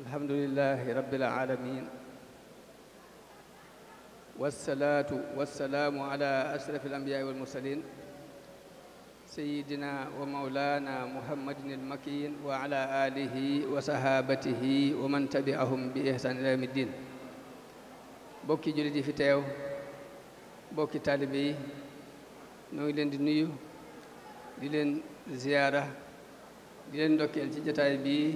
alhamdulilahi rabbil alamin wasalaatu wasalaamu ala ashraf alambiyaai walmursalin sayidina wa maulana muhammadin almakin wa ala alihi wa sahabatihi wa man tabi'ahum bi ihsan ila yawmi ddin bokki jullit yi fi teew bokki taalibe yi noo ngi leen di nuyu di leen ziyaara di leen ndokkeel ci jataay bii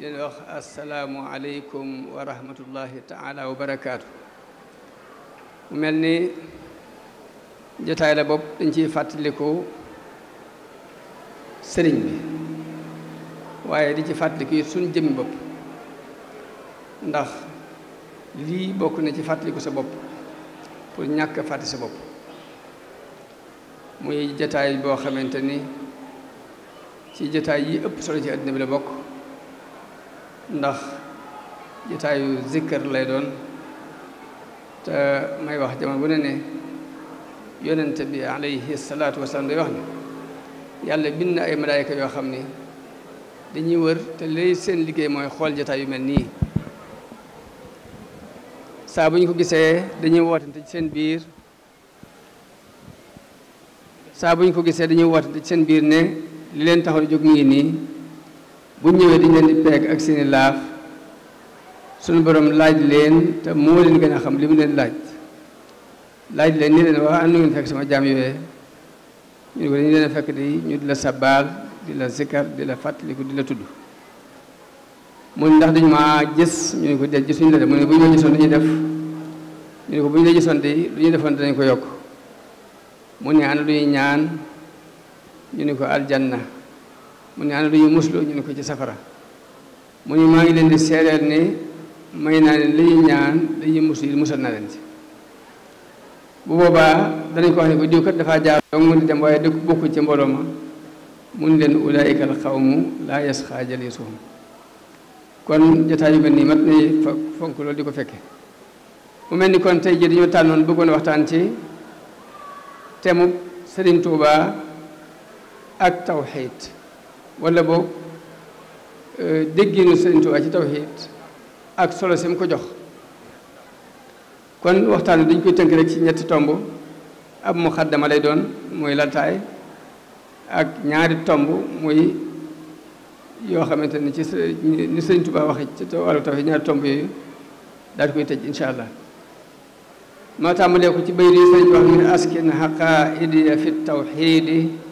leen wax asalaamu aleykum wa rahmatullahi wa barakaatu mel ni jotaay la bopp dañ ciy fàttaliku sëriñ bi waaye di ci fàttaliku suñ jëmmi bopp ndax lii bokk na ci fàttaliku sa bopp pour ñàkk a fàtte sa bopp muy jotaay boo xamante ni ci jotaay yi ëpp solo ci àddina bi la bokk ndax jataayu zikkër lay doon te may wax jamono bu ne ne yonente bi alayhi salaatu wasalaam day wax ne yàlla bind na ay malaayka yoo xam ni dañuy wër te lay seen liggéey mooy xool jataay yu mel nii saa bu ko gisee dañuy wootante ci seen biir saa bu ñu ko gisee dañuy wootante ci seen biir ne li leen taxaw jóg mi nii bu ñëwee dañ leen di peeg ak seeni laaf suñu borom laaj leen te moo leen gën a xam li mu leen laaj laaj leen ni leen wax am na ngeen fekk sama jaam yooyee ñu ko dañu leen fekk di ñu di la sabaal di la zikkar di la fàttaliku di la tudd mu ne ndax dañu maa gis ñu ne ko de mu ne bu ñu la gisoon dañuy def ñu ne la gisoon de lu ñu defoon danañ ko yokk mu ne ana lu ñuy ñaan ñu ne ko aljanna mu ne ana lu ñu musloo ñu ne ko ci safara mu ne maa ngi leen di seereel ne may naa leen li ñu ñaan li ñu muslu musal naa leen ci bu boobaa danañ ko wax ne ko diw kat dafaa jaar dong mu di dem waaye dëkk bokku ci mbooloo ma mun leen ulaayika al xawmu laa yasxaa jalisuhum kon jotaay yu mel nii mat nañu fonk loolu di ko fekke mu mel ni kon tey jii dañoo tànnoon bëggoon waxtaan ci temu Sëriñ Tuubaa ak tawxiid wala boog euh, dégginu Sëriñ Tuubaa ci tawhiid ak solo si mu ko jox kon waxtaan dañ koy tënk rek ci ñetti tomb ab muxaddama lay doon mooy laltaay ak ñaari tomb mooy yoo xamante ni ci ni Sëriñ Tuubaa waxe ci wàllu tawhiid ñaari tomb yooyu daal koy tëj incha allah ma tàmbalee ko ci bayri Sëriñ wax ngir askin haqaaidiya fi tawhiidi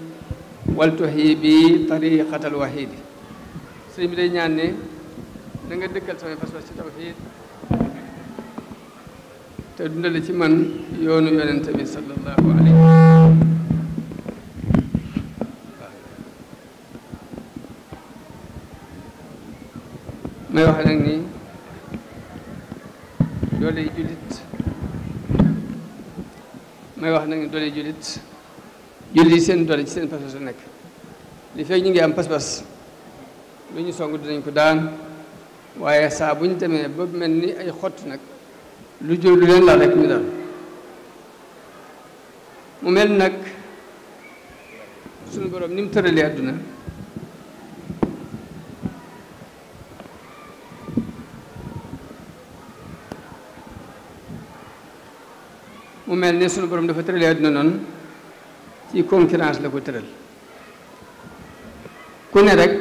wal tuxi bi tariqatal wahidi sëñ bi day ñaan ne na nga dëkkal samay fas ci tawxiid te dundale ci man yoonu yonent bi sallallahu alayhi may wax nag ni dooley julit may wax nag ni dooley julit jullit seen doole ci seen pas-pas nekk li fekk ñu ngi am pas-pas lu ñu song dinañ ko daan waaye saa bu ñu demee ba mel ni ay xott nag lu jël lu leen laal rek ñu daan mu mel nag suñu borom ni mu tëralee àdduna mu mel ni suñu borom dafa tëralee àdduna noonu ci concurrence la ko tëral ku ne rek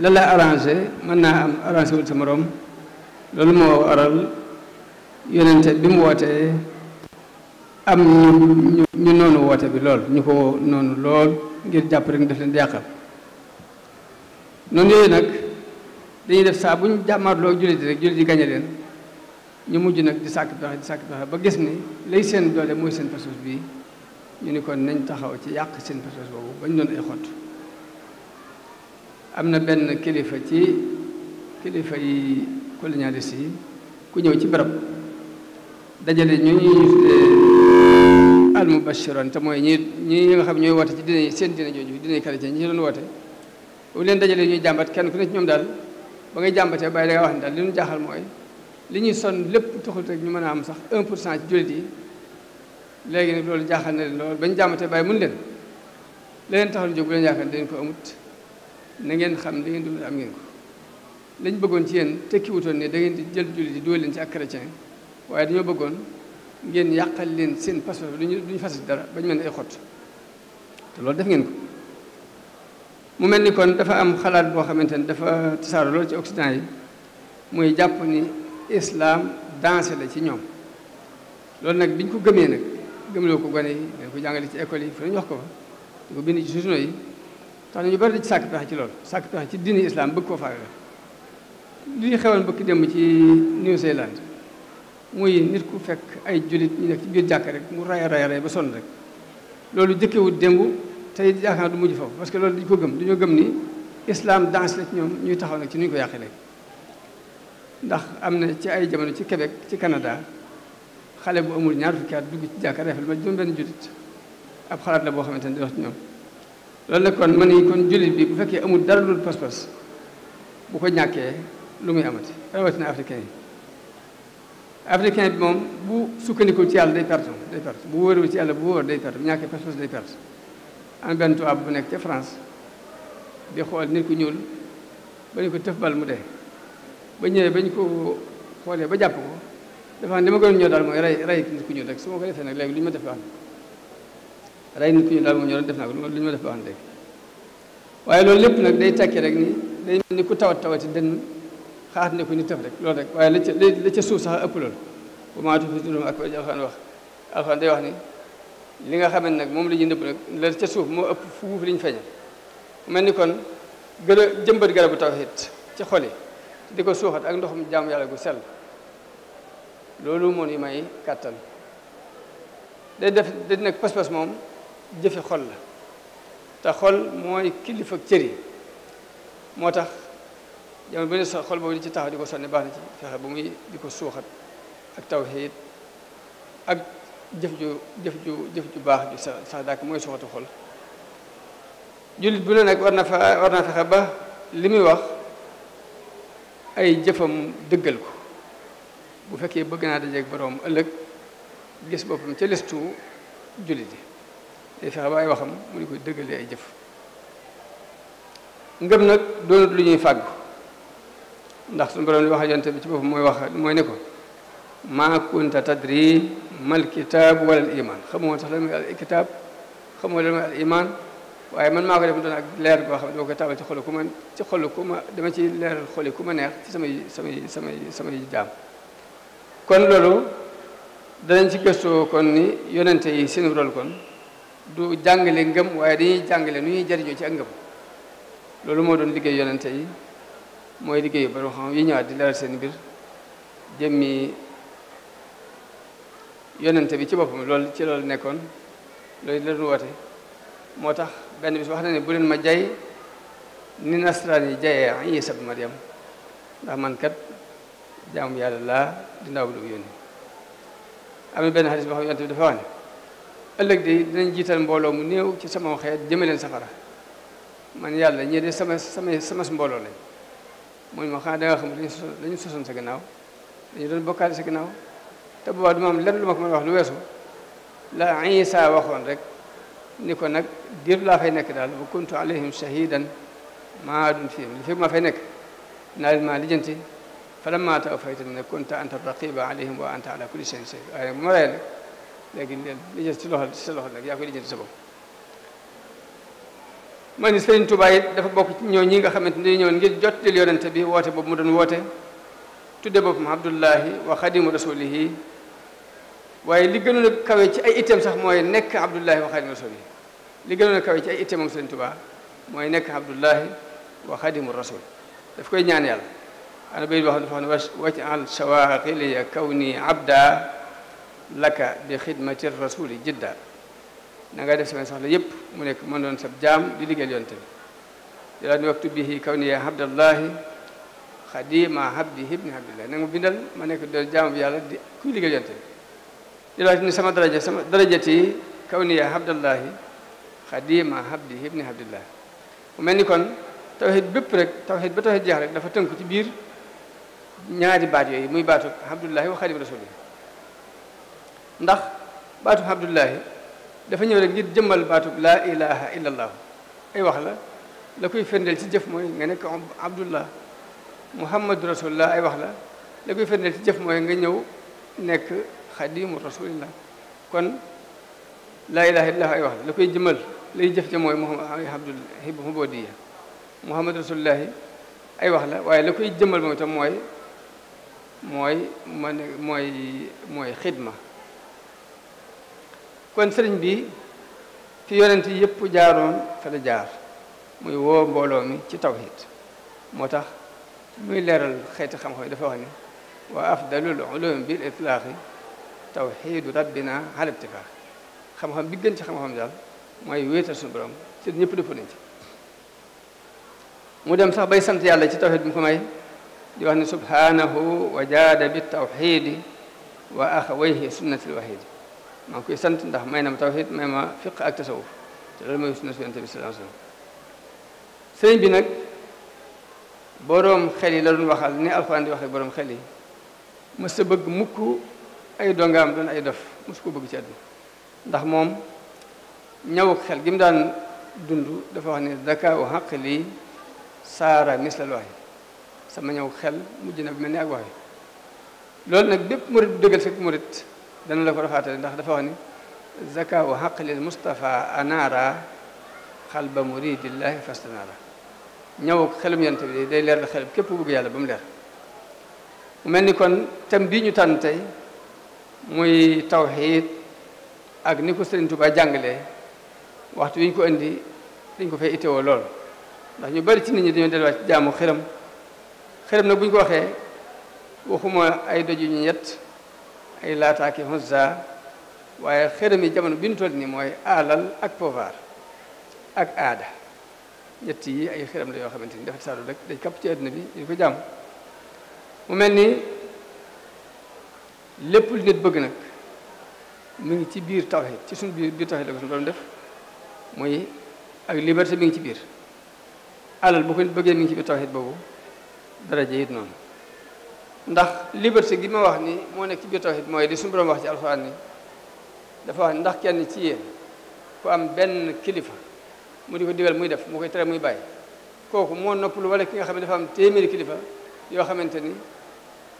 la la arrangé mën naa am arrangé wul moroom morom loolu moo waral yonente bi mu wootee am ñu ñu ñu noonu woote bi lool ñu ko noonu lool ngir jàpp rek def leen di yàqal noonu yooyu nag dañuy def saa bu ñu jàmmaarloo jullit rek jullit yi gañe leen ñu mujj nag di sàkk pexe di sàkk pexe ba gis ni lay seen doole mooy seen fasus bii ñu ni kon nañ taxaw ci yàq seen pas-pas boobu bañ doon ay xott am na benn kilifa ci kilifa yi colonialiste yi ku ñëw ci barab dajale ñu ñuy al mubashiroon te mooy ñi ñu nga xam ñooy woote ci dinañ seen dina jooju dinañ ñu ñi doon woote bu leen dajale ñuy jàmbat kenn ku ne ci ñoom daal ba ngay jàmbatee bàyyi da nga wax ne daal li ñu jaaxal mooy li ñuy sonn lépp taxul rek ñu mën a am sax 1 pour cent ci jullit yi léegi nag loolu jaaxal na leen loolu bañ jàmmatee bàyyi mun leen leneen taxoon jóg bu leen yaakaar dañ ko amut na ngeen xam li ngeen dugg am ngeen ko lañ bëggoon ci yéen tekkiwutoon wutoon ne da ngeen jël jullit yi dugal leen ci ak chrétien waaye dañoo bëggoon ngeen yàqal leen seen passeport bi duñu duñu fas dara bañ mel ne ay xott te loolu def ngeen ko mu mel ni kon dafa am xalaat boo xamante ni dafa tasaaro loolu ci Occident yi muy jàpp ni islam dansé la ci ñoom loolu nag biñ ko gëmee nag gëmloo ko gone yi dañ ko jàngale ci école yi fu ñu wax ko fa di ko bind ci journaux yi tax nañu bari di ci sàkk pexe ci lool sàkk pexe ci diini islam bëgg koo faagale li xewoon bëgg dem ci New Zealand muy nit ku fekk ay jullit ñu nekk ci biir jàkk rek mu raya raya raya ba sonn rek loolu jëkkewut démb tey yaakaar du mujj foofu parce que loolu dañu ko gëm ñoo gëm ni islam danse la ci ñoom ñuy taxaw nag ci nu ko yàqee léegi ndax am na ci ay jamono ci Québec ci Canada xale bu amul ñaar fukki at dugg ci jàkka defal ma juróom benn jullit ab xalaat la boo xamante ne di wax ci ñoom loolu nag kon ma ni kon jullit bi bu fekkee amul dara lu pas-pas bu ko ñàkkee lu muy amati rawatina africain yi africain bi moom bu sukkandiku ci yàlla day perte day perte bu wóorul ci yàlla bu wóor day perte bu ñàkkee pas-pas day perte am benn tubaab bu nekk ca France di xool nit ku ñuul ba ñu ko tëf bal mu dee ba ñëwee ba ko xoolee ba jàpp ko dafa li ma gën ñoo daal mooy rey rey nit ku ñëw rek su ma ko defee nag léegi lu ñu ma def baax na rey nit ku ñëw def naa ko lu ñu ma def baax na léegi waaye loolu lépp nag day tekki rek ni day mel ni ku tawat tawati dënn xaat ne ko ni tëf rek loolu rek waaye la ca la ca suuf sax ëpp loolu bu maa ak alxaan wax alxaan day wax ni nga xamante nag moom la ñuy nëbb ca suuf moo ëpp fuuf li ñu feeñal mel ni kon gën a jëmbat garabu tawhid ci xol yi di ko suuxat ak ndoxum jaamu yàlla gu sel loolu moo yi may kàttan day def day nekk pas-pas moom jëfe xol la te xol mooy kilifa cër yi moo tax jamono bu ne sa xol boobu di ci taxaw di ko sànni baax na ci fexe bu muy di ko suuxat ak tawxiid ak jëf ju jëf ju jëf ju baax ju sax sax mooy suuxatu xol jullit bu ne nekk war na fa war naa fexe ba li muy wax ay jëfam dëggal ko bu fekkee bëgg naa dajeeg boroom ëllëg gis boppam ca listu jullit yi day fexe ba ay waxam mu ni koy dëggalee ay jëf ngëm nag doonut lu ñuy fàggu ndax suñu boroom li wax yonte bi ci boppam mooy wax mooy ne ko ma kunta tadri mal kitaab wala al iman xamoo sax lan mooy man maa ko def doon ak leer boo xam ne doo ko taabal ci xolu ku ma ci xolu ku ma dama ci leer xoli ku ma neex ci samay samay samay samay jaam kon loolu danañ ci gëstoo kon ni yonente yi seen rôle kon du jàngale ngëm waaye dañuy jàngale nu ñuy jariñoo ci a ngëm loolu moo doon liggéey yonente yi mooy liggéey borom xam yi ñëwaat di leeral seen mbir jëmmi yonente bi ci boppam lool ci loolu nekkoon loolu la doon woote moo tax benn bis wax na ne bu leen ma jay ni nasraan yi jayee Isa bi Maryam ndax man kat jaamu yàlla laa di ndaw bi la ko yónni am na benn xadis boo xam yonte bi dafa wax ne ëllëg de dinañ jiital mbooloo mu néew ci sama xeet jëme leen safara man yàlla ñii de sama sama sama mbooloo la mooy ma xanaa da nga xam dañu sosoon sa gannaaw dañu doon bokkaale sa gannaaw te boobaa du ma am lenn lu ma wax lu weesu la Isa waxoon rek ni ko nag diir laa fay nekk daal wa kuntu alayhim shahidan maa dum fihim li fi ma fay nekk naa leen maa lijjanti falamma tawaffaytanii kunta anta raqiba alayhim wa anta ala kulli shay'in shahid waaye li jël ci loxo ci sa loxo nag yaa koy lijjanti ni Sëriñ Tuubaa yi dafa bokk ci ñi nga xamante ni ñëwoon ngir jottali bi woote boobu mu doon woote tudde boppam Abdullahi wa xadimu rasulihi waaye li gënoon a kawe ci ay itam sax mooy nekk Abdullahi wa xadimu rasulihi li gënoon a kawe ci ay itam moom Sëriñ Tuubaa mooy nekk Abdullahi wa xadimu rasul daf koy ñaan yàlla ana bay wax dafa wax ne waj'al shawaghiliya kawni abda laka bi xidmati rasuli jidda na nga def sama soxla yëpp mu nekk mën doon sab jaam di liggéeyal yonte bi di laa ni waxtu bihi kawni abdallahi xadima abdihi ibni abdillahi na nga bindal ma nekk doon jaam bi yàlla di kuy liggéeyal yonte bi di laa ni sama daraja sama darajati kawni abdallahi xadima abdihi ibni abdillahi mu mel ni kon tawhid bépp rek ba tawhid jeex rek dafa tënku ci biir ñaari baat yooyu muy baatu Abdullahi wa Xaadimu Rasuul ndax baatu Abdullahi dafa ñëw rek ngir jëmmal baatu laa ilaha illallah ay wax la la koy firndeel ci jëf mooy nga nekk Abdullah Muhammadu Rasulullah ay wax la la koy firndeel ci jëf mooy nga ñëw nekk Xaadimu Rasulillah kon laa ilaha illallah ay wax la la koy jëmmal lay jëf ja mooy Muhammad Abdul Hibu Hubudiyya Muhammadu Rasulullah ay wax la waaye la koy jëmmal moom mooy. mooy mën mooy mooy xidma kon sëriñ bi fi yonent yëpp jaaroon fa la jaar muy woo mbooloo mi ci tawhid moo tax muy leeral xeeti xam-xam yi dafa wax ni wa afdalul ulum bil itlaaqi tawxidu rabbina ala ittifaq xam-xam bi gën ci xam-xam daal mooy wéetal suñu borom ci ñëpp dëpp nañ ci mu dem sax bay sant yàlla ci tawhid bi mu ko may di wax ne subhanahu wa jaada bi tawxidi wa axawayhi sunnati lwahidi maa ngi koy sant ndax may na ma tawxid may ma fiq ak tasawuf te loolu mooy sunnatu yonent bi sallallahu alayhi wasallam bi nag boroom xel yi la doon waxal ni alxuraan di wax boroom xel mas mës bëgg mukk ay dongaam doon ay dof mës ko bëgg ci ndax moom ñawuk xel gi mu daan dund dafa wax ne daka u xaq saara misla lwahid sama ñëw xel mujj na mel ni ak wax yi nag bépp murit bu dëggal fekk murit dana la ko rafaatale ndax dafa wax ni zaka wa xaqlil mustafa anaara xalba muridillahi fastanaara ñëw xelum yant bi day leer la xelum képp ku yàlla ba mu leer mu mel ni kon thème bii ñu tànn tey muy tawxiid ak ni ko Sëriñ Tuubaa jàngalee waxtu wi ñu ko indi dañ ko fay itteewoo lool ndax ñu bari ci nit ñi dañoo delluwaat jaamu xelam xërëm nag buñ ko waxee waxuma ay doju ñu ñett ay laataaki Uzza waaye xërëm yi jamono bi ñu toll nii mooy alal ak pouvoir ak aada ñett yi ay xërëm la yoo xamante ni dafa saalu rek dañ kapp ci àdduna bi ñu ko jàmm mu mel ni lépp lu nit bëgg nag mu ngi ci biir tawhid ci suñu biir biir tawhid la ko suñu doon def muy ak liberté mi ngi ci biir alal bu ko nit bëggee mi ngi ci biir tawhid boobu daraja it noonu ndax liberté gi ma wax ni moo nekk ci biir tawhid mooy di suñu borom wax ci alxuraan ni dafa wax ni ndax kenn ci yéen ku am benn kilifa mu di ko digal muy def mu koy tere muy bàyyi kooku moo noppalu wala ki nga xam ne dafa am téeméeri kilifa yoo xamante ni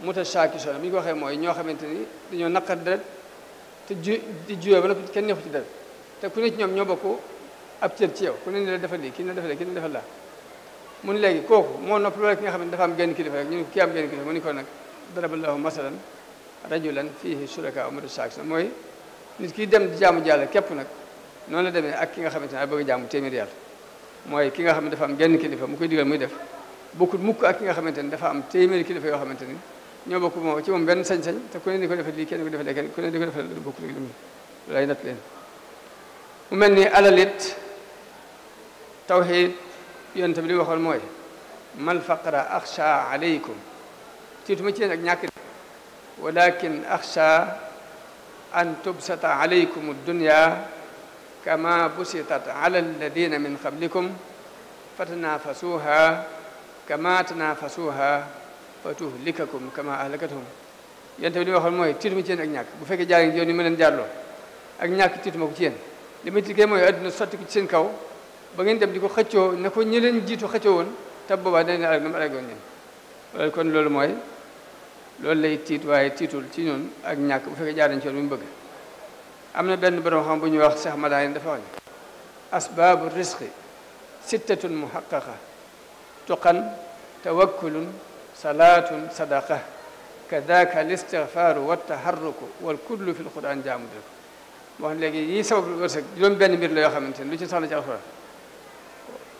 mutashaakishoona bi ñu ko waxee mooy ñoo xamante ni dañoo naqar deret te ju di juyoo ba noppi kenn neexu ci deret te ku ne ñoom ñoo bokk ab cër ci yow ku ne ni la defal lii kii ne defal laa mun léegi kooku moo nopp loolu ki nga xam ne dafa am genn kilifa rek ñu ne kii am genn kilifa mu ni ko nag daraballahu mooy nit ki dem di jaamu jàll képp nag noonu la demee ak nga xamante ne ay bëgg a mooy ki nga xam ne dafa am genn kilifa mu koy digal muy def bokkut mukk ak nga xamante ne dafa am téeméeri kilifa yoo xamante ni ñoo bokk moo ci moom benn sañ-sañ te ku di ko defee lii kenn ko defee kenn ku ne di ko defee lu bokk lii lay natt leen mu mel ni alal it yonent bi li waxoon mooy mal faqra axsha aleykum tiituma ci ak ñàkk walakin axsha an tubsata aleykum addunya kama busitat ala alladina min qablikum fatanafasuha kama tanafasuha fa tuhlikakum kama ahlakatuhum yonent bi li waxoon mooy tiituma ci yéen ak ñàkk bu fekkee jaar ngi yoon yi ma leen jaarloo ak ñàkk tiituma ko ci yéen li ma tiitee mooy adduna sotti ko ci seen kaw ba ngeen dem di ko xëccoo na ko ñi leen jiitu xëccoo woon te boobaa dañ ne alag na mu alagoon ñun euh, kon loolu mooy loolu lay tiit waaye tiitul ci ñun ak ñàkk bu fekkee jaar nañ ci yoon bi mu bëgg am na benn borom xam bu ñuy wax seex Cheikh Madain dafa wax ne asbaabu risqi sittatun muhaqqaqa tuqan tawakkulun salaatun sadaqa kadaka listigfaaru wattaharruku wal kullu fi lquran jaamu dëkk wax léegi yii sabab wërsëg juróom benn mbir la yoo xamante ne lu ci sax na ci alxuraan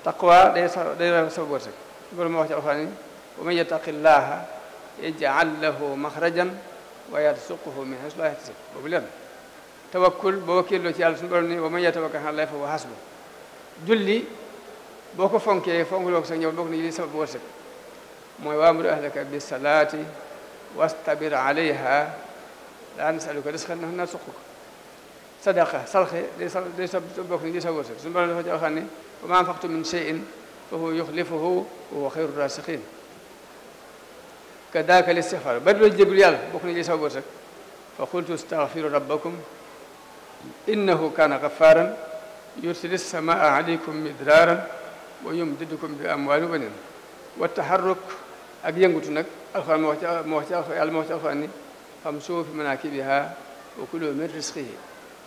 taqwa day sa day waral sa wërsëg loolu moo wax ci yaj'al lahu maxrajan wa yarzuqhu min haysu laa yahtasib boobu leen tawakkul boo wakkilloo ci yàlla suñu borom ni wa man yatawakkal ala llaahi julli boo ko fonkee fonkuloo ko sa ñëw bokk na li mooy waamur ahlaka bis salaati wastabir alayha laa nasaluka rizqan nahnu narzuquka sadaqa salxe day sa day sa bokk na li sa wa ma anfaqtum min shay'in fa huwa yukhlifuhu wa huwa khayru raasixiin kadaalika al-istigfaar bari loo jéggalu yàlla bokk na ci sa wërsëg fa qultu istagfiru rabbakum innahu kaana gaffaaran yursili samaa aleykum midraaran wa yumdidukum bi amwaalin wa baniin wa taharruk ak yëngutu nag alxuraan moo wax ci moo wax ci yàlla moo wax ci alxuraan ni famshuu fi manaakibihaa wa kuluu min rizqihi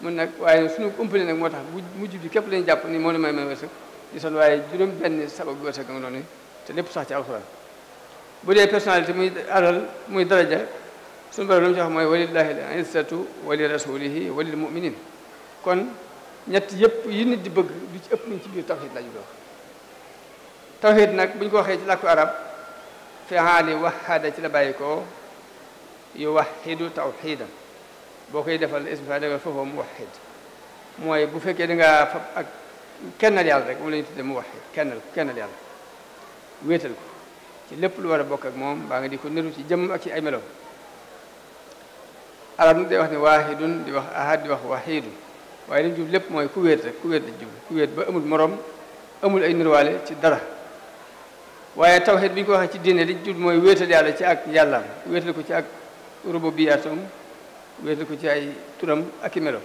mun nag waaye suñu umpale nag moo tax mujj bi képp lañu jàpp ni moo la may may wërsëg gisoon waaye juróom benn sabab wërsëgam noonu te lépp sax ci alxuraan bu dee personnalité muy alal muy daraja suñu borom lu mu ci wax mooy walillahi al izzatu wali rasulihi walil muminin kon ñett yëpp yi nit di bëgg du ci ëpp ñu ci biir tawxid la ñu wax nag bu ñu ko waxee ci làkku arab fihaali waxaada ci la bàyyi ko yuwaxidu tawxidan boo koy defal isbifa defal foofu mu waxid mooy bu fekkee da fab ak kennal yàlla rek moom la ñuy tudde mu waxee kennal kennal yàlla wéetal ko ci lépp lu war a bokk ak moom mbaa nga di ko niru ci jëmm ak ci ay melo arab nag wax ne waahidun di wax ahad di wax wahidun waaye li mu jub lépp mooy ku wéet rek ku wéet jub ku wéet ba amul morom amul ay nirwaale ci dara waaye tawhid bi ñu ko waxee ci diine li jub mooy wéetal yàlla ci ak yàllaam wéetal ko ci ak rububiyatam wéetal ko ci ay turam ak i meloom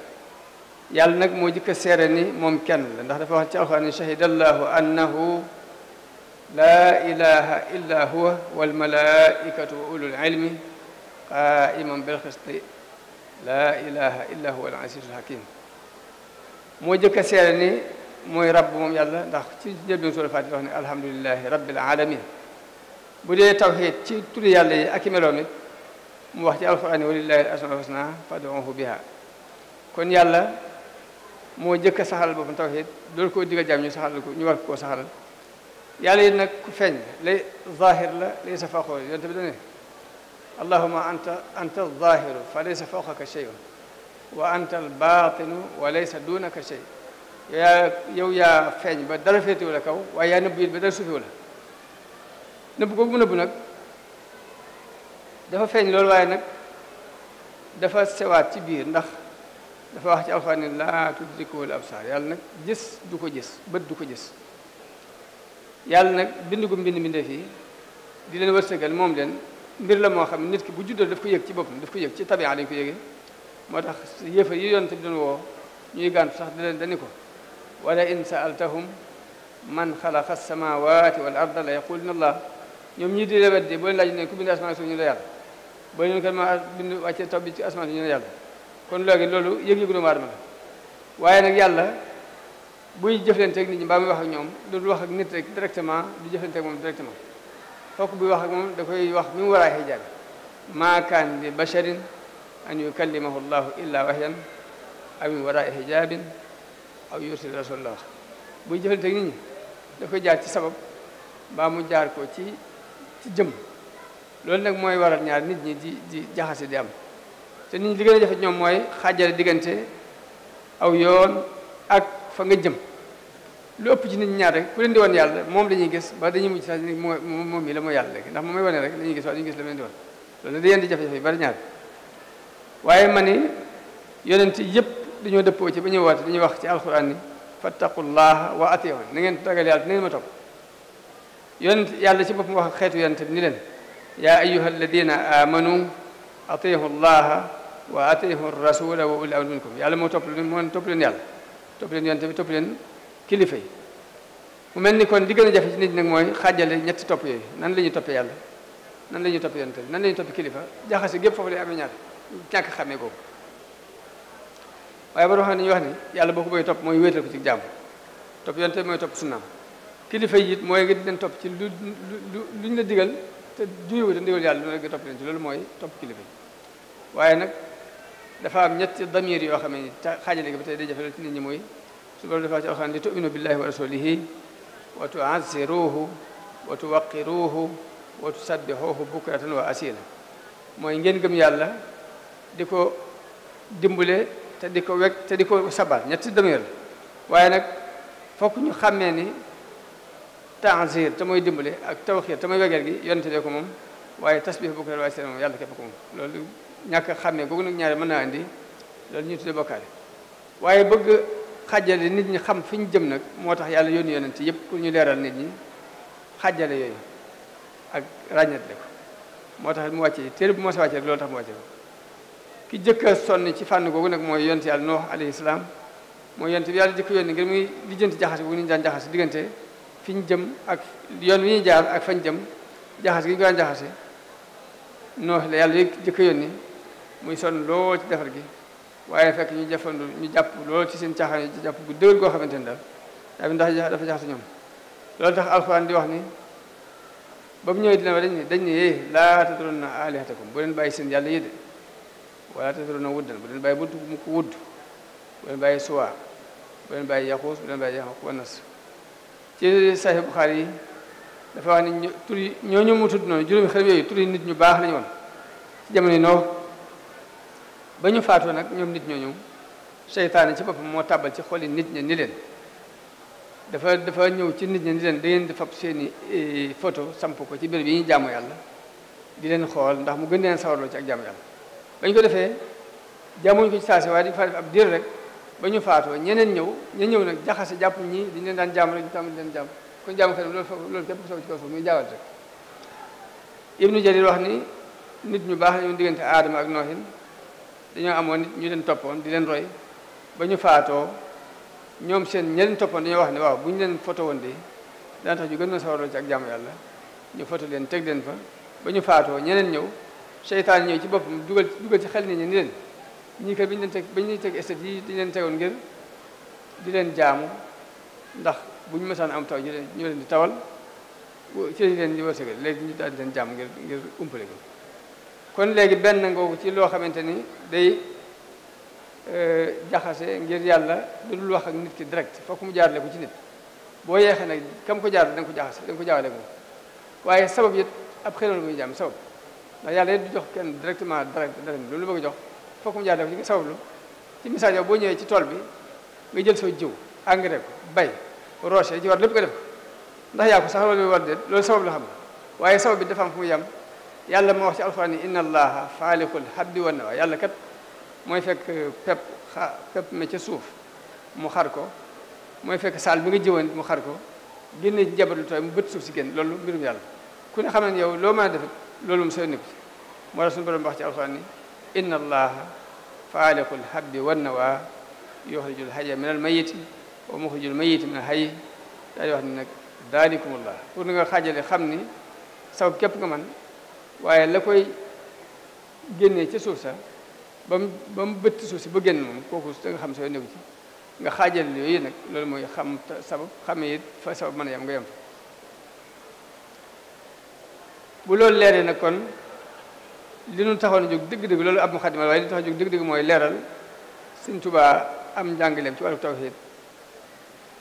yàlla nag moo jëkk a seere ni moom kenn la ndax dafa wax ci alxuraan ni shahida allahu annahu laa ilaha illa huwa walmalaikatu wa ulul ilmi qaiman bilxisti laa ilaha illa huwa al azizul hakim moo jëkk a seere ni mooy rabb moom yàlla ndax ci njëlbeen suura Faatiha wax ne alhamdulilahi rabbil alamin bu dee tawxiid ci turi yàlla yi ak i meloom it mu wax ci alxuraan yi walillahi al asmaul husna fad'uhu biha kon yàlla moo jëkk a saxal boppam tawxiid loolu koo digga jàmm ñu saxal ko ñu war koo saxal yàlla yit nag ku feeñ lay zaahir la lay sa faqoo yonte bi dane allahuma anta anta zaahiru fa laysa fawqaka sheyun wa anta albaatinu wa laysa dunaka shey yaa yow yaa feeñ ba dara féetewu la kaw waaye yaa nëbb it ba dara suufewu la nëbb ko mu nëbb nag dafa feeñ loolu waaye nag dafa sewaat ci biir ndax dafa wax ci alxuraan ne laa tudrikuhu al absaar yàlla nag gis du ko gis bët du ko gis yàlla nag bind gu mbind mbindee fii di leen wërsëgal moom leen mbir la moo xam nit ki bu juddoo daf ko yeg ci boppam daf ko yeg ci tabia lañ ko yëgee moo tax yëfa yi yoon te doon woo ñuy gàntu sax da leen dani ko wala in saaltahum man xalaqa samawati wal arda la yaquluna allah ñoom ñii di la weddi boo leen laaj ne ku bind asmaan suuf ñu ne yàlla boo leen ko ma bind taw bi ci asmaan suuf ñu ne kon léegi loolu yëg-yëgu doomu aadama la waaye nag yàlla buy jëflante ak nit ñi mbaa muy wax ñoom du wax ak nit rek directement du jëflante ak moom directement fokk buy wax ak moom da koy wax mi mu war a xijaabi maa kaan li basharin an yukallimahu llahu illa waxyan aw min waraa hijaabin aw yursil rasul la wax buy jëflante nit ñi da koy jaar ci sabab mbaa mu jaar ko ci ci jëm loolu nag mooy waral ñaar nit ñi di di jaxase di am te ni ñi li gën jafe ñoom mooy xaajale diggante aw yoon ak fa nga jëm lu ëpp ci nit ñi ñaar rek ku leen di wan yàlla moom la ñuy gis ba dañuy mujj sax moom mi la mooy yàlla rek ndax moom may wane rek la ñuy gis waaye dañuy gis la mu leen di wan loolu da yeen di jafe-jafe yu bari waaye ma ni yonent yëpp dañoo dëppoo ci ba ñuy woote dañuy wax ci alxuraan ni fattaqullaha wa atiun na ngeen ragal yàlla na ngeen ma topp yonent yàlla ci boppam wax xeetu yonent bi ni leen yaa ayyuha alladina amanu atihu llaha wa atiihu rasula wa ulil amri minkum yàlla moo topp moo topp leen yàlla topp leen yonent kilifa yi mu mel ni kon li gën a jafe ci nit nag mooy xaajale ñetti topp nan la ñuy toppee nan la ñuy toppee nan la ñuy kilifa jaxase gépp foofu lay amee ñaar ñàkk xamee googu waaye baro xam ne ñu wax ni yàlla boo ko boy topp mooy wéetal ko ci jàmm topp yonent bi mooy topp sunnaam kilifa yi it mooy nga di leen topp ci lu lu lu ñu la digal te juyewu te ndigal yàlla lu nga topp leen ci loolu mooy topp kilifa yi waaye nag dafa am ñetti damir yoo xam ne xaajale gi ba tey day jafe lool ci nit ñi mooy su borom dafa ci alxuraan li tu'minu billahi wa rasulihi wa tu'azziruhu wa tuwaqqiruhu wa tusabbihuhu bukratan wa asila mooy ngeen gëm yàlla di ko dimbale te di ko weg te di ko sabal ñetti damir waaye nag fokk ñu xàmmee ni tanzir te mooy dimbale ak tawxiir te mooy wegeel gi yonente de ko moom waaye tasbih bukratan wa asila moom yàlla képp ko moom loolu ñàkk a xàmmee googu nag ñaare mën naa andi loolu ñu tuddee bokkaale waaye bëgg xàjjale nit ñi xam fi ñu jëm nag moo tax yàlla yónni yonent yëpp pour ñu leeral nit ñi xàjjale yooyu ak ràññatle ko moo tax mu wàccee téere bu moo sa wàccee tax mu wàccee ki jëkk a sonn ci fànn googu nag mooy yonent yàlla Nuux alayhi salaam mooy yonent bi yàlla jëkk yónni ngir muy lijjanti jaxase bu ñu daan jaxase diggante fi ñu jëm ak yoon wi ñuy jaar ak fañ jëm jaxase gi ñu ko daan yàlla jëkk yónni muy sonn lool ci defar gi waaye fekk ñu jëfandu ñu jàpp lool ci seen caaxaan yi jàpp gu dëgër goo xamante ni daal daa bi ndax dafa jaxase ñoom loolu tax alxuraan di wax ni ba mu ñëwee dina dañ ne dañ ne yee eh, na tadrunna alihatakum bu leen bàyyi seen yàlla yi de wala tadrunna wuddan bu leen bàyyi budd mu ko wudd bu leen bàyyi suwaa bu leen bàyyi yaxuus bu leen bàyyi yaxuus wa nas ci Sahih Bukhari yi dafa wax ni tur ñoo ñooñu mu tudd noonu juróomi nit ñu baax lañu woon ba ñu faatu nag ñoom nit ñoo ñooñu seytaane ci boppam moo tàbbal ci xoli nit ña ni leen dafa dafa ñëw ci nit ña ni leen da ngeen di fab seen i e, photo samp ko ci béréb yi ñuy jaamu di leen xool ndax mu gën leen sawarloo ci ak jaamu yàlla ñu ko defee jaamuñ ko ci saasi waaye dañu fa def ab diir rek ba ñu faatoo ñeneen ñëw ña ñëw nag jaxase jàpp ñi di leen daan jaam rek ñu tàmm di leen jaam kon jaamu kanam loolu foofu loolu képp ku ci kaw suuf muy jaawal rek ibnu jarir wax ni nit ñu baax ñoom diggante aadama ak noohin dañoo amoon nit ñu leen toppoon di leen roy ba ñu faatoo ñoom seen ña leen toppoon dañoo wax ne waaw bu ñu leen foto woon de dana tax ñu gën a sawaroo ci ak jaamu yàlla ñu foto leen teg leen fa ba ñu faatoo ñeneen ñëw seytaan ñëw ci boppam dugal dugal ci xel nit ñi ni leen ñii kat bi ñu leen teg bi ñu leen teg estat yi dañu leen tegoon ngir di leen jaamu ndax bu ñu mësaan am taw ñu leen ñu leen di tawal ci lañ leen di wërsëgal léegi ñu daal leen jaamu ngir ngir umpale ko kon léegi benn ngoogu ci loo xamante ni day euh, jaxase ngir yàlla lu dul wax ak nit ki direct fokk mu jaarale ko ci nit boo yeexee nag kam ko jaar da nga ko jaxase da nga ko jaawale ko waaye sabab it ab xelal bu ñu jàmm sabab ndax yàlla du jox kenn directement dara dara lu lu bëgg jox fokk mu jaarale ko ci nga sabab lu ci message boo ñëwee ci tool bi nga jël soo jiw engrais ko bay rocher ci war lépp nga def ndax yaa ko sax loolu war déet loolu sabab la xam waaye sabab bi dafa am fu mu yem yàlla moo wax ci alxuraan inna allaha faalikul habdi wa nawa yàlla kat mooy fekk pepp xa ma ca suuf mu xar ko mooy fekk saal bi nga jëwoon mu xar ko génne ci jabatul tooy mu bët suuf si génn loolu mbirum yàlla ku xam ne yow loo mën a def loolu mu soo nekk moo tax suñu borom wax ci alxuraan ni inna allaha faaliqul habdi wa nawa yuxrijul hayya min al mayiti wa muxrijul mayiti min al hayyi daal di wax ni nag daalikumullah pour ni nga xaajale xam ni saw képp nga man waaye la koy génnee ci suuf sa ba mu ba mu bëtt suuf si ba génn moom kooku da nga xam soo néew nga xaajal yooyu nag loolu mooy xam sabab xamee yit fa sabab mën a yem nga yem bu loolu leeree nag kon li nu taxoon jóg dëgg-dëgg loolu ab muxaddima waaye li nu taxoon jóg dëgg-dëgg mooy leeral sëñ Tubaa am njàngaleem ci wàllu tawhid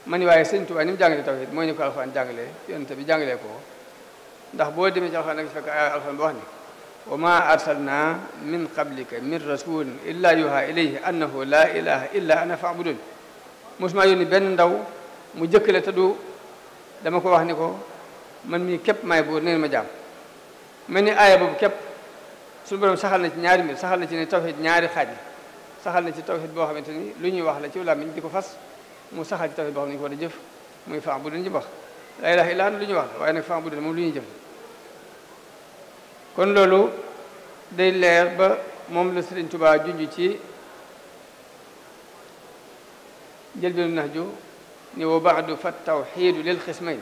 man waaye sëñ Tubaa ni mu jàngalee tawhid mooy ni ko alxuraan jàngalee yonent bi jàngalee ko ndax boo demee ci alxuraan da nga fekk ay alxuraan bu wax ni wa ma arsalna min qablika min rasul illa yuha ilayhi annahu la ilaha illa ana faabudun mosuma yónni benn ndaw mu jëkkale ta du dama ko wax ni ko man mii képp maay buur neen ma jaam mel ni aaya boobu képp suñu borom saxal na ci ñaari mi saxal na ci ne tawxid ñaari xaaj saxal na ci tawxid boo xamante ni lu ñuy wax la ci mi di ko fas mu saxal ci tawxid boo xam ne ñu ko war a jëf muy faabudun ji wax la ilaha illa ana lu ñuy wax waaye nag faabudun moom lu ñuy jëf kon loolu day leer ba moom la Sëriñ Tuubaa junj ci njëlbeenu nahju ni wa baadu fa tawxiidu lil xismayn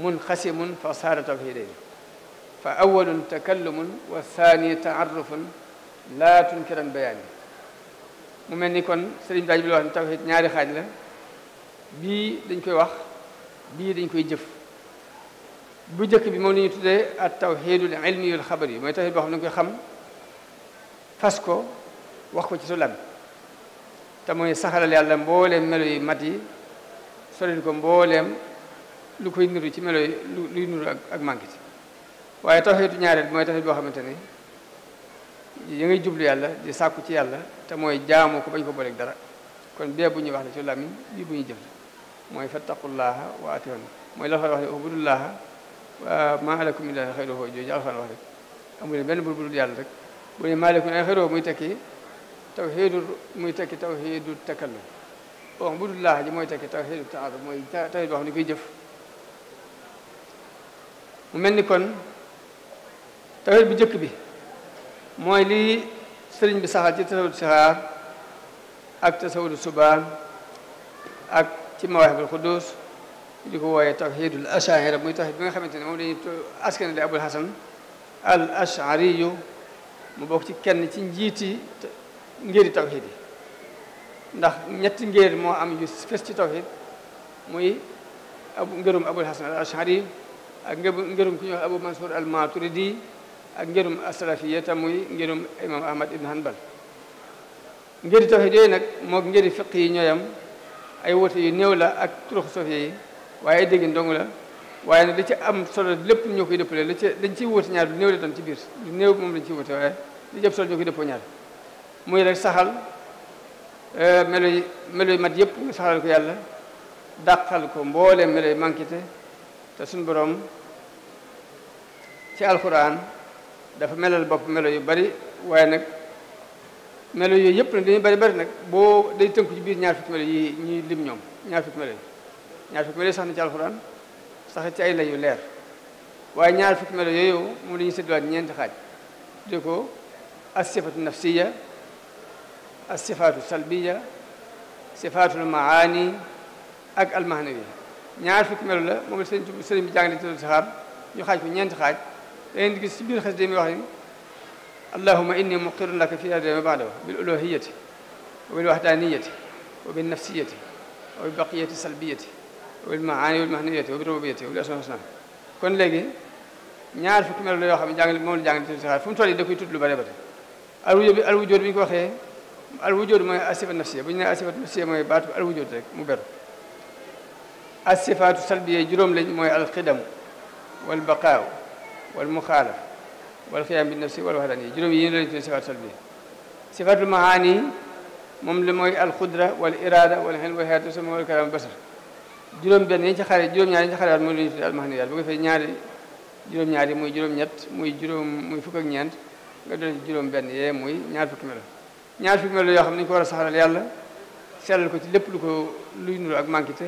munqasimun fa saara tawxiidayn fa awalun takallumun wa saani taarufun laa tunkiran bayaani mu mel ni kon sëriñ daaj bi la wax ne tawxiid ñaari xaaj la bii dañ koy wax bii dañ koy jëf bu jëkk bi moom la ñuy tuddee at tawxidul ilmiyul xabar yi mooy tawxid boo xam ne koy xam wax ko ci su lam te mooy saxalal yàlla mbooleem melo yi mat yi solil ko mbooleem lu koy niru ci melo yi luy niru ak ak mànkit waaye tawxidu ñaareel mooy tawxid boo xamante ni yi ngay jublu yàlla di sàkku ci yàlla te mooy jaamu ko bañ ko booleeg dara kon bee bu ñuy wax ne ci làmmiñ bii bu ñuy jëf mooy fattaqullaha wa atiwan mooy la wax ne ubudullaha Ah, maa lakum min ilaahin xayruhu jooju alxuraan wax rek amu leen benn buur bu yàlla rek bu ne maa lakum min ilaahin xayruhu muy tekki tawxiidu muy tekki tawxiidu takallum bon bu dul laax ji mooy tekki tawxiidu taaruf mooy tawxiid boo xam ne mu mel ni bi tawxiid bi mooy lii sëriñ bi saxal ci tasawudu sixaar ak tasawudu subaan ak ci mawaahibul xuddus di ko wooyee tawxiidul achaira muy tawxiid bi nga xamante ne moom dañuy askan li abul hasan al ashariyu mu bokk ci kenn ci njiiti ngéeri tawxiid yi ndax ñetti ngéer moo am yu fes ci tawxiid muy abu ngërum abul hasan al ashari ak ngërum ku ñuy wax abu mansour al maturidi ak ngërum asalafiya te muy ngerum imam ahmad ibn hanbal ngéeri tawxiid yooyu nag moo ngéeri fiq yi ñooyam ay wote yu néew la ak turux sofi yi waaye dégg dong la waaye nag da ci am solo lépp ñoo koy dëppale la ci dañ ci wóote ñaar lu néew la tam ci biir lu néew moom lañ ciy wóote waaye li jëpp solo ñoo koy dëppoo ñaar muy rek saxal e, melo yi melo yi mat yëpp saxal ko yàlla dàqal ko mboole melo yi manquité te suñu borom ci alxuraan dafa melal bopp melo yu bari waaye nag melo yooyu yëpp nag dañuy bari bari nag boo day tënku ci biir ñaar fukki melo yi ñuy lim ñoom ñaar fukki melo yi ñaar fukki melo sax na ci alxuraan sax ci ay la yu leer waaye ñaar fukki melo yooyu moom la ñuy sédduwaat ñeenti xaaj di ko asifatu nafsiya asifatu salbiya sifatul maani ak almahnawiya ñaar fukki melo la moom la sëriñ tu sëriñ bi jàngale ci saxaar ñu xaaj ko ñeenti xaaj dañuy gis ci biir xes dé mi wax ni allahuma inni muqirun laka fi adama baadawa bil uluhiyati wa bil wahdaniyati wa bin nafsiyati wa bi baqiyati salbiyati والمعاني والمهنية وبالربوبية والأسماء والحسنى kon léegi ñaar fukki melo la yoo xam ne jàngale moom la jàngale ci saxaar fu mu toll yi da koy tudd lu bare bare al wujud bi al wujud bi ñu ko waxee al wujud mooy asifa nafsiya bu ñu nee asifa nafsiya mooy baatu al wujud rek mu beru asifaatu salbiya juróom lañ mooy al qidamu wal baqaaw wal muxaalaf wal xiyaam bi nafsi wal wahdani juróom yi lañ tuddee sifaatu salbiya sifaatul maani moom la mooy al xudra wal irada wal xel wal xeyaatu sama wal kalaam basar juróom-benn yi ci xare juróom-ñaar yi ci xare waat mooy lu ñu tuddee almahaniyaat bu ko defee ñaari juróom-ñaar yi muy juróom-ñett muy juróom muy fukk ak ñeent nga doon ci juróom-benn yee muy ñaar fukki melo ñaar fukki melo yoo xam ne ñu ko a saxalal yàlla sellal ko ci lépp lu ko luy nuru ak manquité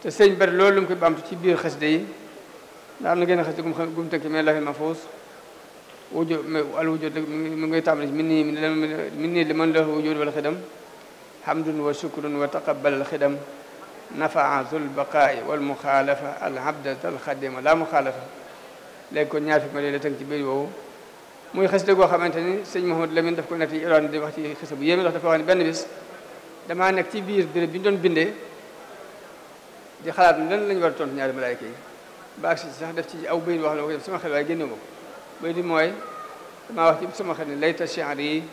te sëñ bari loolu lu mu koy bamtu ci biir xasida yi ndax am na génn xasida gum xam gum tënk mais lafi mafuus wujo al wujud mu ngay tàmbali ci min nii min nii li man la wujud wal xidam hamdun wa shukrun wa taqabbal al xidam nafaa zul baqaay wal muxaalafa al abdat al xadima la muxaalafa léegi kon ñaar fi ma lee la tënk ci biir woowu muy xasida goo xamante ni sëñ Mahmoud Lamine daf ko nekk ci iraan di wax ci xasida bu yéeme ndax dafa wax ni benn bis damaa nekk ci biir béréb bi ñu doon bindee di xalaat lan lañu war a tontu ñaari malaayka yi ba agsi sax def ci aw bayit wax la ko def sama xel waaye génne ma mooy damaa wax ci sama xel ne layta mada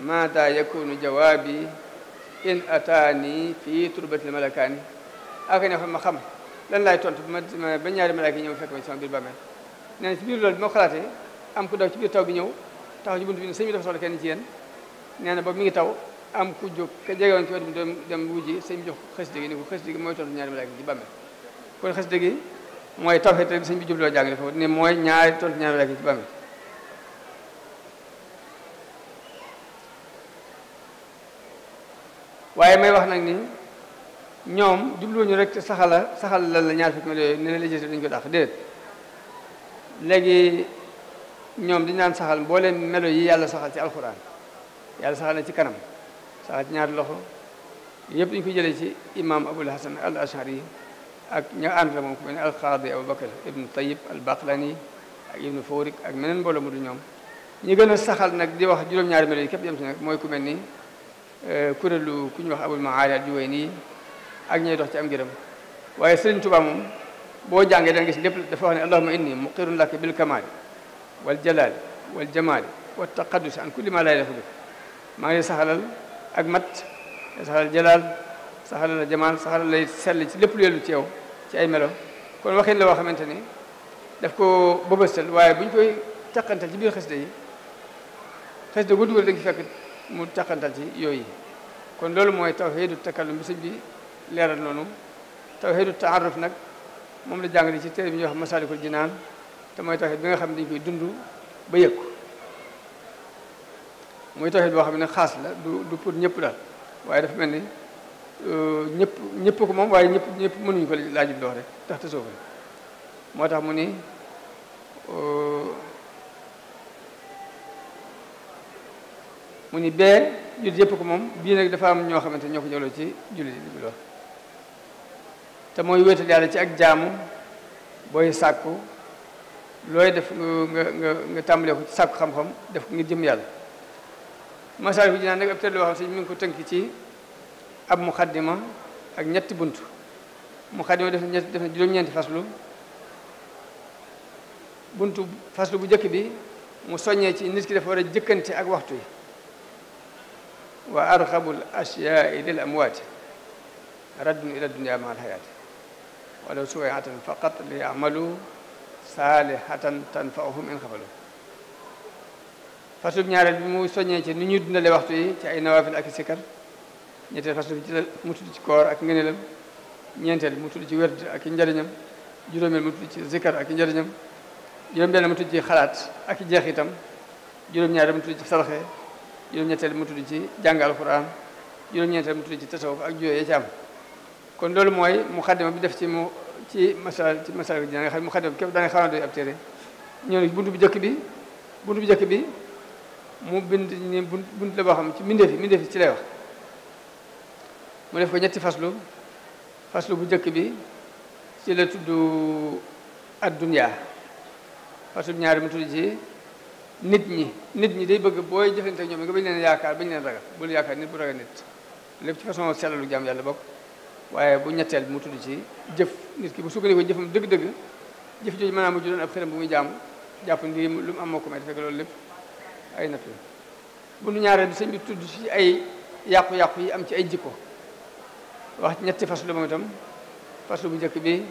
ma daa yakunu in ataani fii turbatil malakaani aka ne ma xam lan laay tontu ba ma ba ñaari malaaka yi ñëw fekk ma ci sama biir bàmmeel nee na ci biir loolu bi ma xalaatee am ku daw ci biir taw bi ñëw taxaw ci bunt bi ne sëñ bi dafa soxla kenn ci mi ngi taw am ku jóg ka jege woon ci wetu dem dem wujji sëñ bi jox xasida gi ko xasida gi mooy tontu ñaari malaaka yi ci bàmmeel kon xasida gi mooy tawxeet rek sëñ bi jubloo jàng ne mooy ñaari tontu ñaari malaaka yi ci bàmmeel waaye may wax nag ni ñoom jubluwuñu rek saxala saxal la la ñaar fukki million yooyu ne la législative dañu ko dàq déedéet léegi ñoom di naan saxal mboolem melo yi yàlla saxal ci alxuraan yàlla saxal na ci kanam saxal ci ñaari loxo yëpp dañu ko jële ci imam abul hasan al ashari ak ña ànd la moom ku mel ne alxaadi abou bakar ibnu tayib al baqlani ak ibnu fawrik ak meneen mbooloo mu du ñoom ñu gën a saxal nag di wax juróom ñaar melo yi képp yem si nag mooy ku mel Eh, kuréelu ku ñuy wax abul maali al juwayni ak ñay dox ci am ngërëm waaye sëriñ Tuubaa moom boo jàngee da nga gis lépp dafa wax ne allahuma inni muqirun laka bil kamaali wal jalaali wal jamaali wa taqaddus an kulli ma laa yaliqu maa ngi saxalal ak mat saxalal jalaal saxalal jamaal saxalal lay sell ci lépp lu yellu ci yow ci ay melo kon waxin la woo xamante ni daf ko bëbëstal waaye bu ñu koy taqantal ci biir xasida yi xasida gu dugal da nga mu takkantal ci yooyu kon loolu mooy tawhidu du bi sëñ bi leeral noonu tawhidu taaruf nag moom la jàngale ci téere bi ñuy wax masalikul jinaan te mooy tawhid bi nga xam ne dañ koy dund ba yëg ko muy tawhid boo xam ne xaas la du du pour ñëpp daal waaye dafa mel ni euh, ñëpp ñëpp ko moom waaye ñëpp ñëpp mënuñu ko laajub dox rek tax te soofu moo tax mu ni euh, mu ni bee jullit yëpp ko moom bii nag dafa am ñoo xamante ñoo ko jëloo ci jullit yi bi lool te mooy wéetal yàlla ci ak jaamu booy sàkku looy def nga nga nga tàmbalee ko ci sàkku xam-xam def ko ngir jëm yàlla masaal bi dinaa nag ab tëdd loo xam mi ngi ko tënk ci ab muxaddima ak ñetti bunt muxaddima def def na juróom-ñeenti faslu bu njëkk bi mu soññee ci nit ki dafa war a jëkkante ak waxtu yi wa arxabu l asyaai lil amwaati raddun ila dunia ma alxayaati walaw suwayatan faqat li yamalu saalihatan tanfa'uhum in xafalu fasub ñaareel bi mu soññee ci ni ñuy dundale waxtu yi ci ay nawaafil ak sikkar ñetteel fasub ci mu tudd ci koor ak ngëneelam ñeenteel mu tudd ci werd ak i njariñam juróomeel mu tudd ci zikkar ak i njariñam juróom benn mu tudd ci xalaat ak i jeex itam juróom ñaareel mu tudd ci sarxe juróom-ñetteel mu tudd ci jàng alquran juróom-ñeenteel mu tudd ci tasawuf ak juyoo ya ci am kon loolu mooy mu muqaddima bi def ci mu ci masal ci masal ji nga xam muqaddima bi képp daanaka xaw na doy ab téere ñëw na buntu bi njëkk bi buntu bi njëkk bi mu bind ni bunt la boo xam ci mbindeef yi mbindeef yi ci lay wax mu def ko ñetti faslu faslu bu njëkk bi ci la tudd ad dunya faslu bu ñaari mu tudd ci nit ñi nit ñi day bëgg booy jëfante ñoom nga bañ leen yaakaar bañ leen ragal bul yaakaar nit bu ragal nit lépp ci façon sellalu jaam yàlla bokk waaye bu ñetteel bi mu tudd ci jëf nit ki bu sukkandikoo jëfam dëgg-dëgg jëf jooju maanaam mu doon ab xëram bu muy jaamu jàpp ni lu mu am moo ko may fekk loolu lépp ay natt la bu nu ñaareel bi sëñ bi tudd ci ay yàqu-yàqu yi am ci ay jikko wax ñetti faslu moom itam faslu bu njëkk bi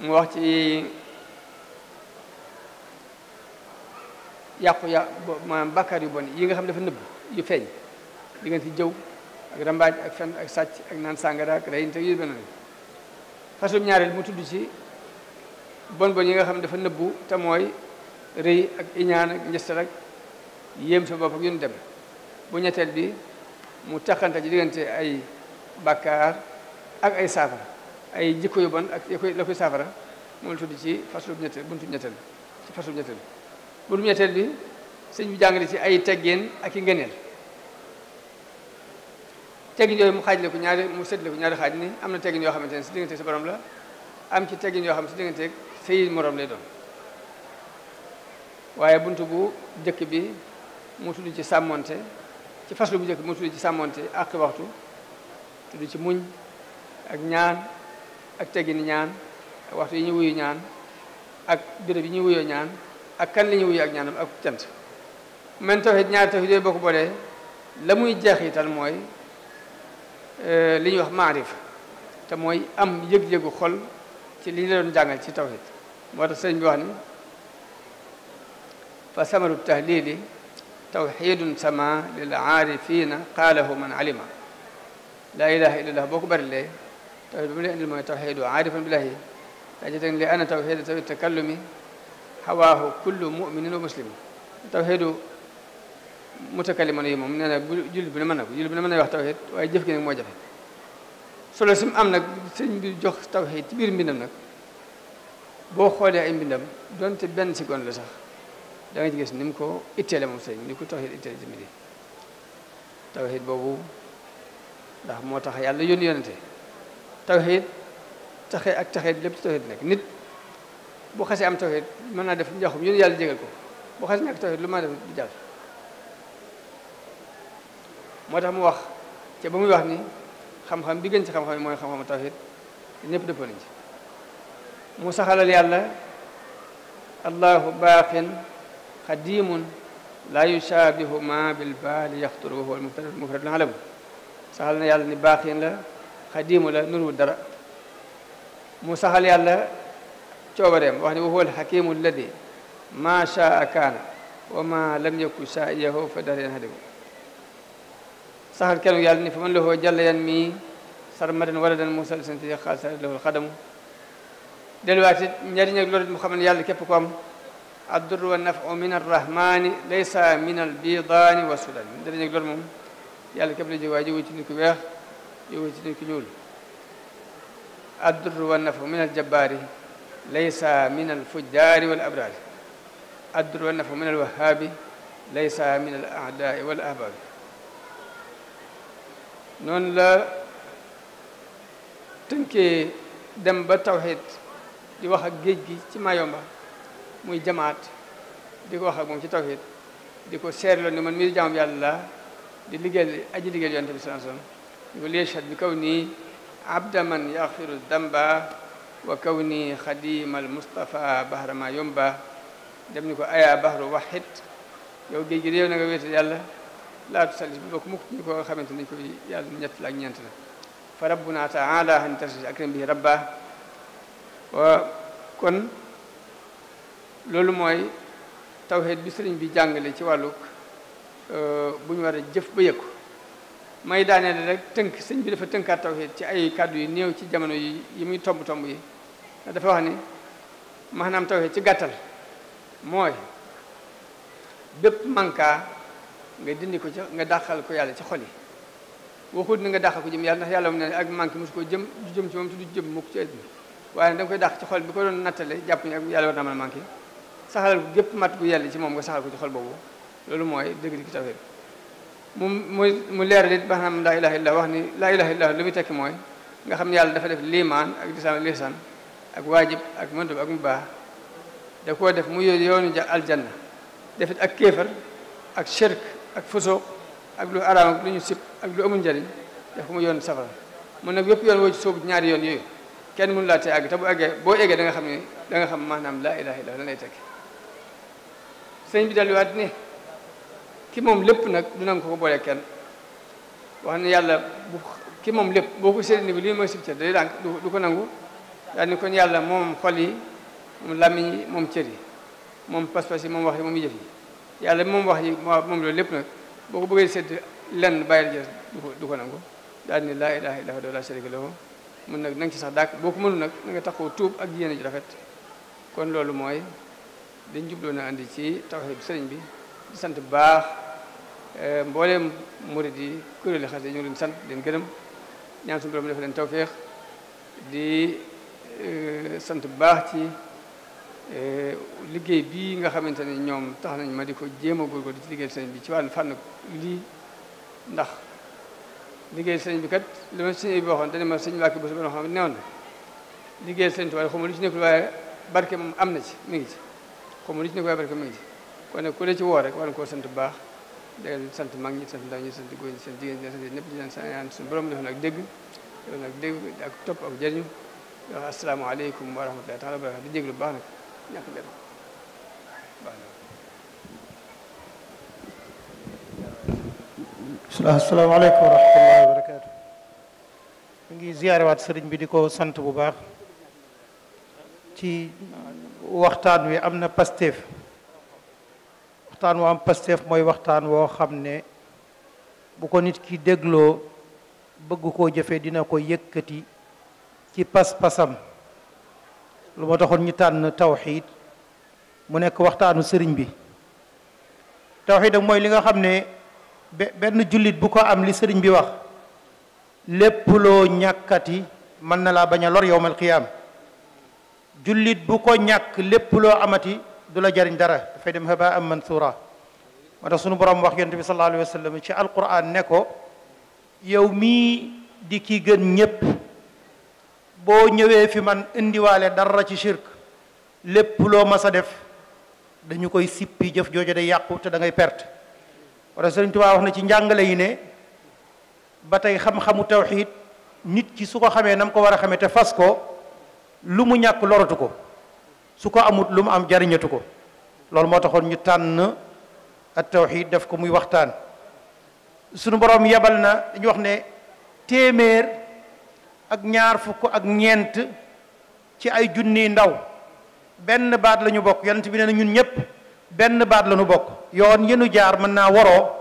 mu wax ci yàqu yà maanaam bàkkaar yu bon yi nga xam dafa nëbb yu feeñ diggante jëw ak rambaaj ak fen ak sàcc ak naan sàngara ak reyinte yu benn façon ñaareel mu tudd ci bon bon yi nga xam ne dafa nëbbu te mooy rëy ak iñaan ak njëstal ak yéem sa bopp ak yu dem bu ñetteel bi mu taxante ci diggante ay bàkkaar ak ay saafara ay jikko yu bon ak la koy saafara moom la tudd ci façon ñetteel buntu ñetteel ci façon ñetteel bu ñetteel bi sëñ bi jàngale si ay teggeen ak i ngëneel teggin yooyu mu xaaj la ko ñaari mu sedd la ko ñaari xaaj ni am na teggin yoo xamante ne si digganteeg sa borom la am ci teggin yoo xam ne si digganteeg say morom lay doon waaye bunt bu jëkk bi mu tudd ci sàmmonte ci faslu bu njëkk bi mu tudd ci sàmmonte ak waxtu tudd ci muñ ak ñaan ak teggini ñaan ak waxtu yi ñu wuyu ñaan ak béréb bi ñu wuyoo ñaan ak kan la ñuy wuyu ak ñaanam ak cant men tawhid ñaari tawhid yooyu boo ko boolee la muy jeexital mooy euh, li ñuy wax maarif te mooy am yëg-yëgu xol ci li ñu la doon jàngal ci tawhid moo tax sëñ bi wax ni fa samaru tahlili tawxidun sama lil aarifina qaalahu man alima laa ilaha illallah boo ko barilee tawxid ba mu leen indil mooy tawxidu aarifan billahi daa ci teg li ana tawxidu tawit takallumi hawaahu kullu muminin wa muslim tawxiidu mutakalliman yi moom nee na bu jullit bi ne mën na jullit bi ne mën na wax tawxiid waaye jëf gi nag moo jafe solo si mu am nag sëñ bi jox tawxiid ci biir mbindam nag boo xoolee ay mbindam donte benn si gon la sax da nga ci gis ni ko itteele moom sëñ ni ko tawxiid itteele ci mbindi tawxiid boobu ndax moo tax yàlla yoon yonente tawxiid taxe ak taxeet lépp ci tawxiid nag nit bu xasee am tawhid mën naa def njaaxum yéen yàlla jégal ko bu xasee nekk tawhid lu ma def du jàll moo tax mu wax te ba muy wax ni xam-xam bi gën ci xam-xam mooy xam-xamu tawhid ñëpp dëppoo nañ ci mu saxalal yàlla allahu baaqin qadimun laa yushaabihu ma bil baali yaxturu wa huwa al mufrad mufrad alamu saxal na yàlla ni baaqin la xadimu la nuru dara mu saxal yàlla coobareem wax ni wa huwa alxakimu alladi ma shaa kaana wa ma lam yaku shaa'iyahu fa dareen hadiku saxal kenu yàlla ni fa man lahu jalla yan mii sarmadan waladan musal santi xaasari lahu alxadamu delluwaati njariñ ak lorit mu xam ne yàlla képp ko am addur wa nafu min arrahmani laysa min albidaani wa sudani njariñ ak lor moom yàlla képp la jóg waaye jóge ci nit ku weex jóge ci nit ku ñuul addur wa nafu min aljabbaari laysa min alfujjaari wal abraari addul wa nafa min alwahaabi laysa min al aadaai wal ahbaabi noonu la tënkee dem ba tawxid di wax ak géej gi ci Mayomba muy jamaat di ko wax ak moom ci tawxid di ko seerloo ni man mii di jaamam di liggéeyal aji liggéeyal yonent bi sallallahu alayhi wasallam li yashhad bi kaw nii abda man yaxfiru damba kaw wa kawni xadimal Mustafa bahrama yomba dem ñu ko aya bahru waxit yow géej gi réew na nga wéetal yàlla laa salis bi bokk mukk ñu ko xamante ni ko yàlla ñett la ñeent na fa rabbuna taala an tarsi ak bi rabba wa kon loolu mooy tawhid bi sëriñ bi jàngale ci wàlluk euh, bu ñu war a jëf ba yëkku may daaneel rek tënk sëñ bi dafa tënkaat tawhid ci ay kàddu yu néew ci jamono yi yi muy tomb tomb yi dafa wax ni maanaam tawhid ci gàttal mooy bépp manka nga dindi ko ci nga dàqal ko yàlla ci xol yi waxut ni nga dàqal ko jëm yàlla ndax yàlla mu ne ak manqué mosu ko jëm du jëm ci moom te du jëm mukk ci àddina waaye da koy dàq ci xol bi ko doon nattalee jàpp ni ak yàlla war naa mën a manqué saxalal ko gépp mat gu yàlla ci moom nga saxal ko ci loolu mooy dëgg di ki mu muy mu leeral it ba xam laa ilaha illa wax ni laa ilaha lu muy tekki mooy nga xam yàlla dafa def liimaan ak lisaan ak lisaan ak waajib ak mëntub ak baax da koo def mu yooyu yoonu ja aljanna defit ak kéefar ak shirk ak fusuq ak lu araam ak lu ñu sib ak lu amul njariñ def ko mu yoon safara mun nag yëpp yoon woo ci soobu ñaari yoon yooyu kenn mun laa tee àgg te bu àggee boo eggee da nga xam ne da nga xam maanaam laa ilaha illa lan lay tekki sëñ bi delluwaat ni ki moom lépp nag du nangu ko boole kenn wax ne yàlla bu ki moom lépp boo ko séddini bi lii mooy sib cër day dànk du ko nangu daal ni kon yàlla moom xol yi moom làmmiñ moom cër yi moom pas-pas yi moom wax yi moom jëf yi yàlla moom wax yi moom loolu lépp nag boo ko bëggee sédd lenn bàyyil jës du ko nangu daal ni laa ilaha illa huwa la sharika lahu mun nag na nga sax dàkk boo ko mënul nag na nga taxoo tuub ak yéene ji rafet kon loolu mooy dañ jubloo na andi ci tawhid sëriñ bi di sant baax Eh, mbooleem murid yi kuréeli xasida yi ñu ngi sant leen gërëm ñaan suñu borom def leen tawféex di eh, sant bu baax ci eh, liggéey bii nga xamante ne ñoom tax nañu ma di ko jéem a di ci liggéey sëñ bi ci wàllu fànn lii ndax liggéey sëñ bi kat li ma sëñ bi waxoon dañu ma sëñ wàkki bésu boo xam ne newoon na liggéey sëñ Tuubaa xamul lu ci nekkul waaye barke moom am na ci mi ngi ci xamul lu ci nekkul waaye barke mi ngi ci kon ku la ci woo rek war sant bu baax da leen sant mag ñi sant ndaw ñi sant góor ñi sant jigéen ñi sant ñëpp di leen sant ñaan suñu borom defoon ak dégg defoon ak dégg ak topp ak jëriñu wax asalaamaaleykum wa rahmatulah taala wa barakatu di jéglu baax nag ñàkk dem baax na asalaamaaleykum wa rahmatulah wa barakatu ñu ngi ziyaarewaat sëriñ bi di ko sant bu baax ci waxtaan wi am na Pastef waxtaan wu am mooy waxtaan woo xam ne bu ko nit ki dégloo bëgg koo jëfee dina ko yëkkati ci pas-pasam lu ma taxoon ñu tànn tawxiid mu nekk waxtaanu sëriñ bi tawxiid ak mooy li nga xam ne benn jullit bu ko am li sëriñ bi wax lépp loo ñàkkati mën na laa bañ a lor yowmal qiyaam jullit bu ko ñàkk lépp loo amati du la jariñ dara fa dem haba am mansura moo tax sunu borom wax yonent bi sallallahu alayhi wa ci alquran ne ko yow mii di ki gën ñépp boo ñëwee fi man indiwaale dara ci shirk lépp loo mas a def dañu koy sippi jëf jooju day yàqu te da ngay perte moo tax Sëriñ Tuubaa wax na ci njàngale yi ne ba tey xam-xamu tawxiid nit ki su ko xamee nam ko war a xamee te fas ko lu mu ñàkk loratu ko su ko amut lu mu am jariñatu ko loolu moo taxoon ñu tànn at tawxid def ko muy waxtaan sunu boroom yebal na dañu wax ne téeméer ak ñaar fukk ak ñeent ci ay junniy ndaw benn baat lañu bokk yonent bi ñun ñëpp benn baat la ñu bokk yoon yenu jaar mën naa waroo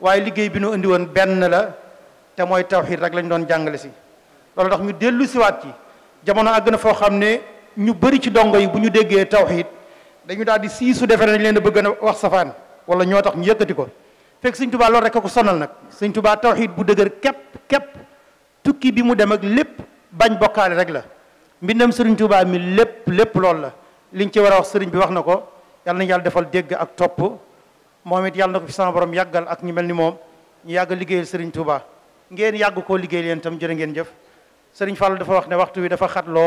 waaye liggéey bi nu indi benn la te mooy tawxid rek lañ doon jàngale si loolu tax ñu dellu siwaat ci jamono àgg na foo xam ne ñu bëri ci dongo yi bu ñu déggee tawxiid dañu daal di sii su defee dañ leen a bëgg na wax safaan wala ñoo tax ñu yëkkati ko fekk sëñ tubaa loolu rek a ko sonal nag sëñ tubaa tawxiid bu dëgër képp képp tukki bi mu dem ak lépp bañ bokkaale rek la mbindam sëriñ tubaa mi lépp lépp loolu la liñ ci war a wax sëriñ bi wax na ko yàlla nañu yàlla defal dégg ak topp moom it yàlla na ko fi sama borom yàggal ak ñu mel ni moom ñu yàgg liggéeyal sëriñ tubaa ngeen yàgg koo liggéeyal yéen itam jërë ngeen jëf sëriñ Fall dafa wax ne waxtu wi dafa xat lool